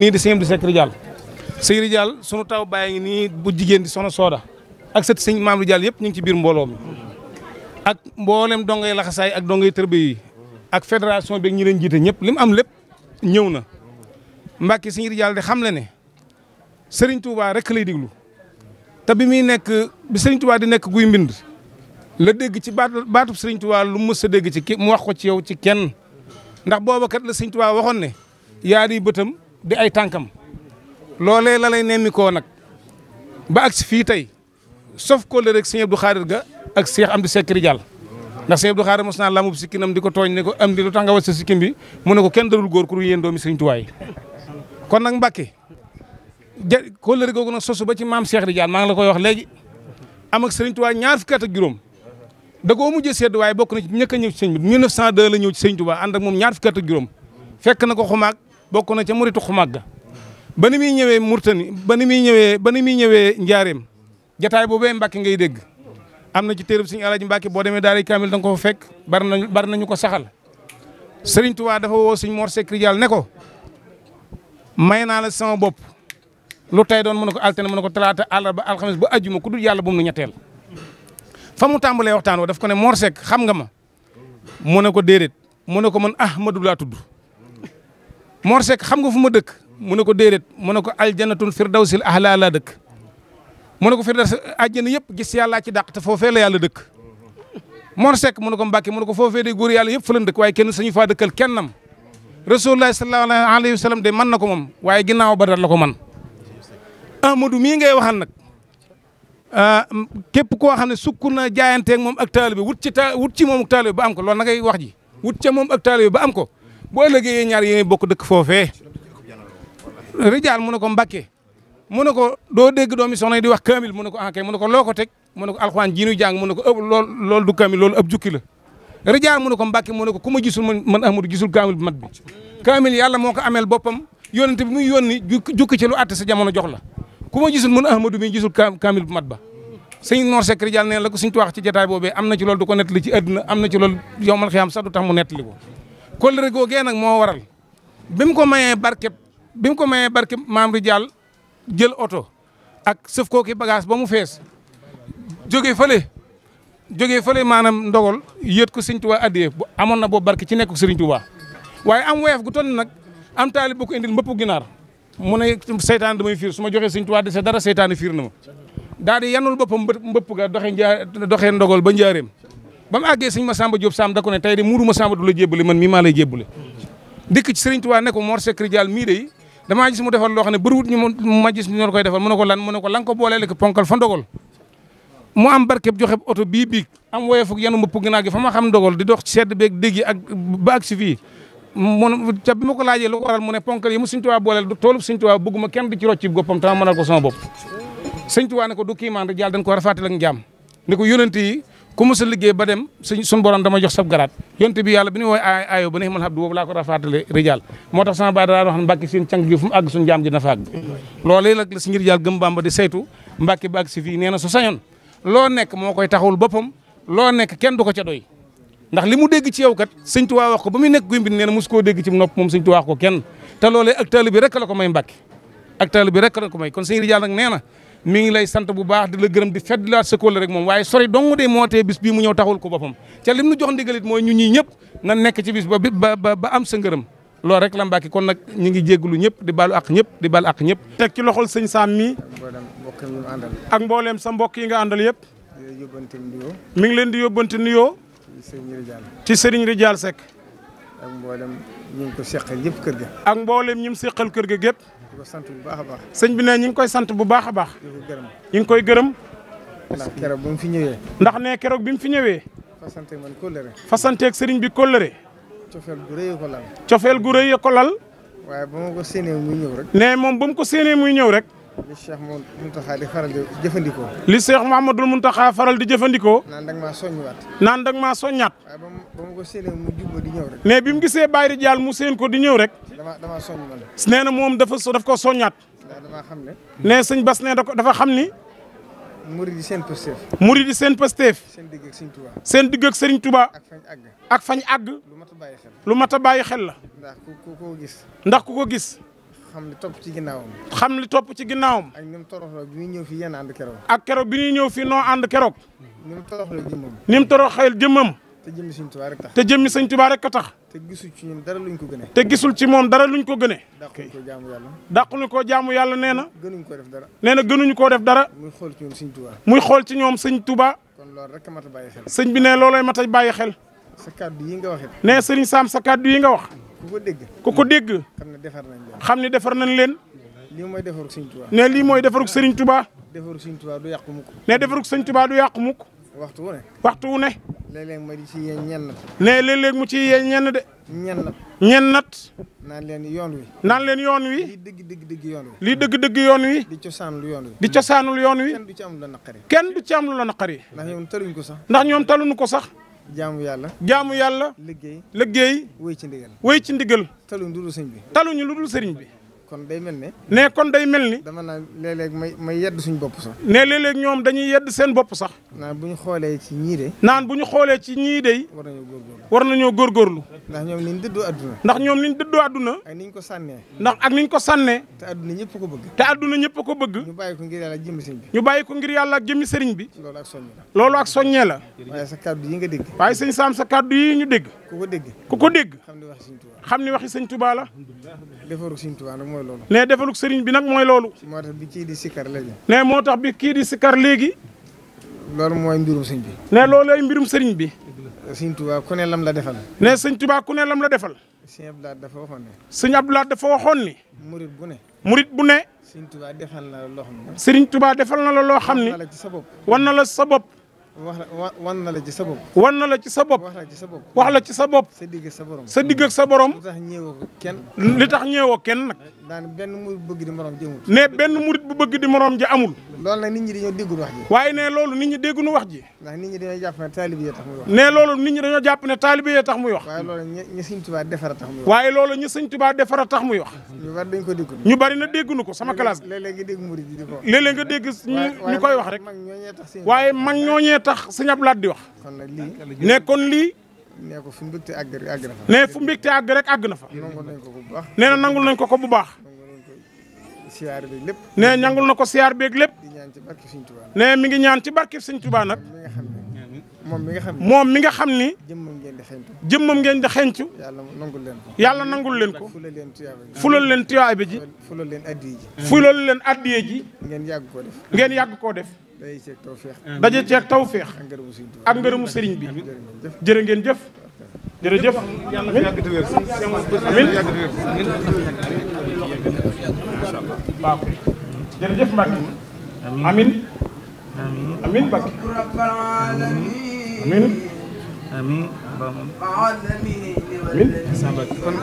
nii di sëñ Abdou Seck Ridial sëñ Ridial sunu taw bàyyi ngi nii bu jigéen di sono sooda ak sët sëñ maam Ridial yëpp ñu ngi ci biir mbooloo mi ak mboolem dongay laxasaay ak dongay tërbe yi ak fédération bi ñi leen jiite ñëpp li mu am lépp ñëw na Mbàkke sëñ Ridial di xam le ne Serigne Touba rek lay diglu te bi muy nekk bi Serigne di nekk guy mbind la dégg ci baatu baatub Serigne Touba lu mës a dégg ci mu wax ko ci yow ci kenn ndax booba kat la Serigne di ay tànkam loolee la lay nemmikoo nag ba agsi fii tey sof ko le rek sëñ Abdou Khadir ga ak Cheikh Amdi Seck Ridial ndax sëñ Abdou Khadir mos naa lamub di ko tooñ ne ko am di lu tax nga was sa sikkim bi mu ne ko kenn darul góor ku dul yéen doomi Sëriñ Tuubaa kon nag Mbàkke ja kóllëre googu nag sosu ba ci maam Cheikh Ridial maa ngi la koy wax léegi am ak Sëriñ Tuubaa ñaar fukki at ak juróom da koo mujjee sedd waaye bokk na ci ñëkk a ñëw ci sëñ bi 1902 la ñëw ci Sëriñ Tuubaa ànd ak moom ñaar fukki at ak juróom fekk na ko xumaag bokk na ca muritu xumag ga ba ni muy ñëwee murtani ba ni muy ñëwee ba ni muy ñëwee njaareem jataay boobee Mbàkke ngay dégg am na ci téereb Sëriñ Alaaji Mbàkke boo demee daara kaamil da nga ko fa fekk bari nañu bari nañu ko saxal Sëriñ Tuubaa dafa woo Sëriñ Mor Sekk Rijaal ne ko may naa la sama bopp lu tey doon mën na ko altine mën na ko talaata àllarba alxames ba àjjuma ku dul yàlla bu mu ñetteel fa mu tàmbalee waxtaan wa def ko ne Mor Sekk xam nga ma mu ne ko déedéet mu ne ko man Ahmadu laa tudd Mor Seck xam nga fu ma dëkk mu ne ko déedéet mu ne ko aljanatul firdawsil ahla laa dëkk mu ne ko firdaws àjjana yëpp gis yàllaa ci dàq te foofee la yàlla dëkk Mor Seck mu ne ko Mbàkke mu ne ko foofee de góor yàlla yëpp la dëkk waaye kenn sañu faa dëkkal kennam rasulullahi sallallahu alayhi wa sallam de mën na ko moom waaye ginnaaw ba la ko man Amadou mii ngay waxal nag ah, képp koo xam ne sukk na jaayanteeg moom ak taalibe wut ci ta wut ci moom ak taalibe ba am ko loolu na ngay wax ji wut ca moom ak taalibe ba am ko boo ëllëgee ñaar yéenay bokk dëkk foofee rijaal mu ne ko Mbàkke mu ne ko doo dégg doomi soxna yi di wax kaamil mu ne ko ankay ah mu ne loo ko teg mu ne ko alxuraan ji lool loolu du kaamil loolu ab jukki la rijaal mu ne ko Mbàkke mu ne ko ku ma gisul man amul gisul kaamil bi mat bi kaamil yàlla moo ko ameel boppam yónent bi muy yónni jukki ci lu àtte sa jamono jox la ku ma gisul mën ahmadu mi kaamil bu mat ba sëñ Noor Seck Rijaal nee la ko suñ tu wax ci jotaay boobee am na ci loolu du am na ci loolu yow man xiyam kóllëre googee nag moo waral bi ko mayee barkeb bi mu ko mayee barkeb maam Rijaal jël oto ak sëf kooki bagage ba mu fees jóge fële jóge fële maanaam ndogal yéet ko sëñ Tuubaa addiyee bu amoon na boobu barke ci nekk sëriñ Tuubaa waaye am weef gu toll nag am taalib bu ko indil mbëpp ginaar mu ne seytaan damay fiir su ma joxee sëñ Tuubaa dara seytaan fiir na ma daal di yanul boppam mbëpp ga doxe njaa ba njaareem ba mu àggee sëñ Masamba Diop Samb da ko ne tey de muuru Masamba du la jébbale man mii maa lay jébbale dikk ci ne ko Mor Sekri Dial mii de damaa gis mu defal loo xam ne bëriwut ñu ma gis ne ko lan mu ne ko lan ponkal fa ndogal mu am barkeb joxe oto bii biig am woyefuk yanu ma pugg naa xam ndogal di dox sedd beeg dégg yi ak ba ak si fii mu ca bi ma ko laajee lu ko waral mu ne ponkal kenn di ci rocc goppam tama mënal ko sama bopp sëñ Tuubaa ne ko du kiimaan rek Yàlla dañ ko rafaatale ak njaam ne ko yonent ku mos a liggéey ba dem suñ suñu borom dama jox sab garaat yonte bi yàlla bi ñu wooy aayo ba ne man abdu boobu laa ko rafaatale rijal moo tax sama baay daan wax ne mbàkki si ngir jàll gëm bamba di saytu mbàkki ba si fii nee na sañoon loo nekk moo koy taxawul boppam loo nekk kenn du ko ca doy ndax li mu dégg ci yow kat sëñ Tuubaa wax ko ba muy nekk guy mbind nee na mos koo dégg nopp moom sëñ Tuubaa wax ko kenn te loolee ak taalibe bi rek la mi ngi lay sant bu baax di la gërëm di feddilaat sa kóol rek moom waaye sori dong de moo tee bis bii mu ñëw taxul ko boppam ca lim nu jox ndigalit mooy ñu ñii ñëpp na nekk ci bis ba ba ba am sa ngërëm loolu rek la Mbàkke kon nag ñu ngi jégalu ñëpp di baalu ak ñëpp di baal ak ñëpp. teg ci loxol sëñ Sam mi. ak mbooleem sa mbokk yi nga àndal yëpp. mi ngi leen di yóbbante nuyoo. ci Serigne Ridial Seck. ak mboolem ñi mu ko seqal yëpp kër ga. ak mboolem ñi mu seqal kër ga gépp di sant bu baax a baax. sëñ bi ne ñu ngi koy sant bu baax a baax. di gërëm ñu ngi koy gërëm. ndax keroog bi mu fi ñëwee. ndax ne keroog bi mu fi ñëwee. fasanteeg man kóllëre. fasanteeg sëriñ bi kóllëre. cofeel gu rëy ko lal. cofeel gu rëy ko lal. waaye ba ma ko ñëw rek. ne moom ba mu ko séenee muy ñëw rek. li Cheikh Mouhamadou di faral di jëfandikoo. li Cheikh Mouhamadou Mountakha faral di jëfandikoo. naan da nga maa soññaat. naan da nga maa soññaat. waaye ba mu di ñëw rek. mais bi mu gisee Baye Ridial mu séen ko di ñëw rek. dama dama soññ man. nee na moom dafa daf ko soññaat. ndax dama xam ne. nee sëñ Bas nee dafa xam ni. murid yi seen Pastef. murid yi seen Pastef. seen digg ak sëñ Touba. seen digg ak sëriñ Touba. ak fañ àgg. ak fañ àgg. lu mat a bàyyi xel lu mat a bàyyi xel la. ndax ku ko gis. ndax ku ko gis. xam li topp ci ginnaawam. xam li topp ci ginnaawam. ak ni mu toroxloo bi ñuy ñëw fii yéen ànd keroog. ak keroog bi ñuy ñëw fii noo ànd keroog. ni mu toroxloo jëmmam. ni mu toroxal jëmmam. te jëmmi sëñ Touba rek tax. te jëmmi sëñ Touba rek tax. te gisul ci ñun dara luñ ko gënee. te gisul ci moom dara luñ ko gënee. dàquñu ko jaamu yàlla. dàquñu ko jaamu yàlla nee na. gënuñ ko def dara. nee na gënuñu koo def dara. muy xool ci ñoom sëñ Touba. xool ci ñoom sëñ Touba. kon loolu rek a mat bàyyi xel. sëñ bi ne loolay mat a bàyyi xel. sa yi nga wax it. nee sëriñ Sam sa kàddu yi nga wax. ku ko dégg. ku ko dégg. xam ne defar nañ leen. xam ne defar nañ leen. lii mooy defarug sëñ Touba. nee lii mooy defarug sëriñ Touba. defarug sëñ Touba du yàqu mukk. nee defarug sëñ Touba du yàqu mukk waxtu wu ne. waxtu wu ne. léeg-léeg ma di ci yee ñennat. ne léeg-léeg mu ci yee ñenn de. ñennat. nat naan leen yoon wi. naan leen yoon wi. lii dëgg dëgg dëgg yoon wi. lii dëgg dëgg yoon wi. di cosaanul yoon wi. di cosaanul yoon wi. kenn du ci am lu la naqari. kenn du ci am lu la naqari. ndax ñoom taluñ ko sax. ndax ñoom taluñu ko sax. jaamu yàlla. jaamu yàlla. liggéey liggéey. wéy ci ndigal. wéy ci ndigal. taluñ lu dul bi. taluñu lu dul sëriñ bi. kon day mel ne. ne kon day mel ni. dama naan léeg may may yedd suñ bopp sax. ne léeg ñoom dañuy yedd seen bopp sax. naan bu ñu xoolee ci ñii de. naan bu ñu xoolee ci ñii dey war nañoo góorgóorlu war nañoo góorgóorlu. ndax ñoom ni ñu dëddoo àdduna. ndax ñoom ni ñu dëddoo àdduna. ak ni ko sànnee. ndax ak ni ko sànnee. te àdduna ñëpp ko bëgg. te àdduna ñëpp ko bëgg. ñu bàyyi ko ngir yàlla jëmmi sëriñ bi. ñu bàyyi ko ngir yàlla jëmmi sëriñ bi. loolu ak soññee la. waaye sa kàddu yi nga dégg. waaye sëñ Sam sa kàddu yi ñu dégg ku ko dégg ku ko dégg xam ni waxi sëñ Touba la defarug sëñ Touba nag mooy loolu ne defarug sëriñ bi nag mooy loolu moo bi kii di sikkar léegi moo tax bi kii di sikkar léegi loolu mooy mbirum sëñ bi ne loolu ay mbirum sëriñ bi sëñ Touba ku ne lam la defal ne sëñ Touba ku ne lam la defal sëñ Abdoulaye dafa waxoon ne sëñ Abdoulaye dafa waxoon ni murit bu ne murit ne sëriñ Touba defal na la loo xam ne sëriñ Touba na la loo xam ni wan na la sa bopp wax wan na la ci sa bopp. wan na la ci sa bopp. wax la ci sa bopp. wax la ci sa bopp. sa digg ak sa borom. sa digg ak sa borom. li tax ñeewoo kenn. li tax ñeewoo kenn nag. daan benn murit bu bëgg di morom ji amul. ne benn murit bu bëgg di morom ji amul. loolu nag nit ñi dañoo déggul wax ji. waaye ne loolu nit ñi dégguñu wax ji. ndax nit ñi dañoo jàpp ne taalibe yee tax muy wax. ne loolu nit ñi dañoo jàpp ne taalibe yee tax muy wax. waaye loolu ñi Sëñ Tuubaa defara tax muy wax. waaye loolu ñi Sëñ Tuubaa defara tax muy wax. ñu bari dañ ko déggul. ñu bari na dégguñu ko sama classe. léeg-léeg nga dégg murit yi di ko wax. léeg-léeg nga dégg ñu koy wax rek. waaye mag ñooñee tax sëñ Abdou Lahad di wax. kon nag lii ne kon lii. ne ko fu mbégte àgg rek àgg na fa. ne fu mbégte àgg rek àgg na fa. nangul nañ ko ko bu baax. nee na nangul nañ ko ko bu baax. siyaar beeg lépp. nee ñangul na ko siyaar beeg lépp. di ñaan ci barke Sëñ Tuubaa. nee mi ngi ñaan ci barke Sëñ Tuubaa nag. moom mi nga xam moom mi nga xam ni. jëmmam ngeen di xeeñtu. ngeen di xeeñtu. yàlla nangul leen ko. yàlla nangul leen ko. fulal leen tuyaaba ji. fulal leen tuyaaba ji. fulal leen addiye ji. fulal leen addiye ji. ngeen yàgg koo def. ngeen yàgg koo def. daje ceeg tawféex ak ngërëmu sëriñ bi jërë ngeen jëf jërëjëf amin waaw jërëjëf Mbacke amin amin Mbacke amin amin amin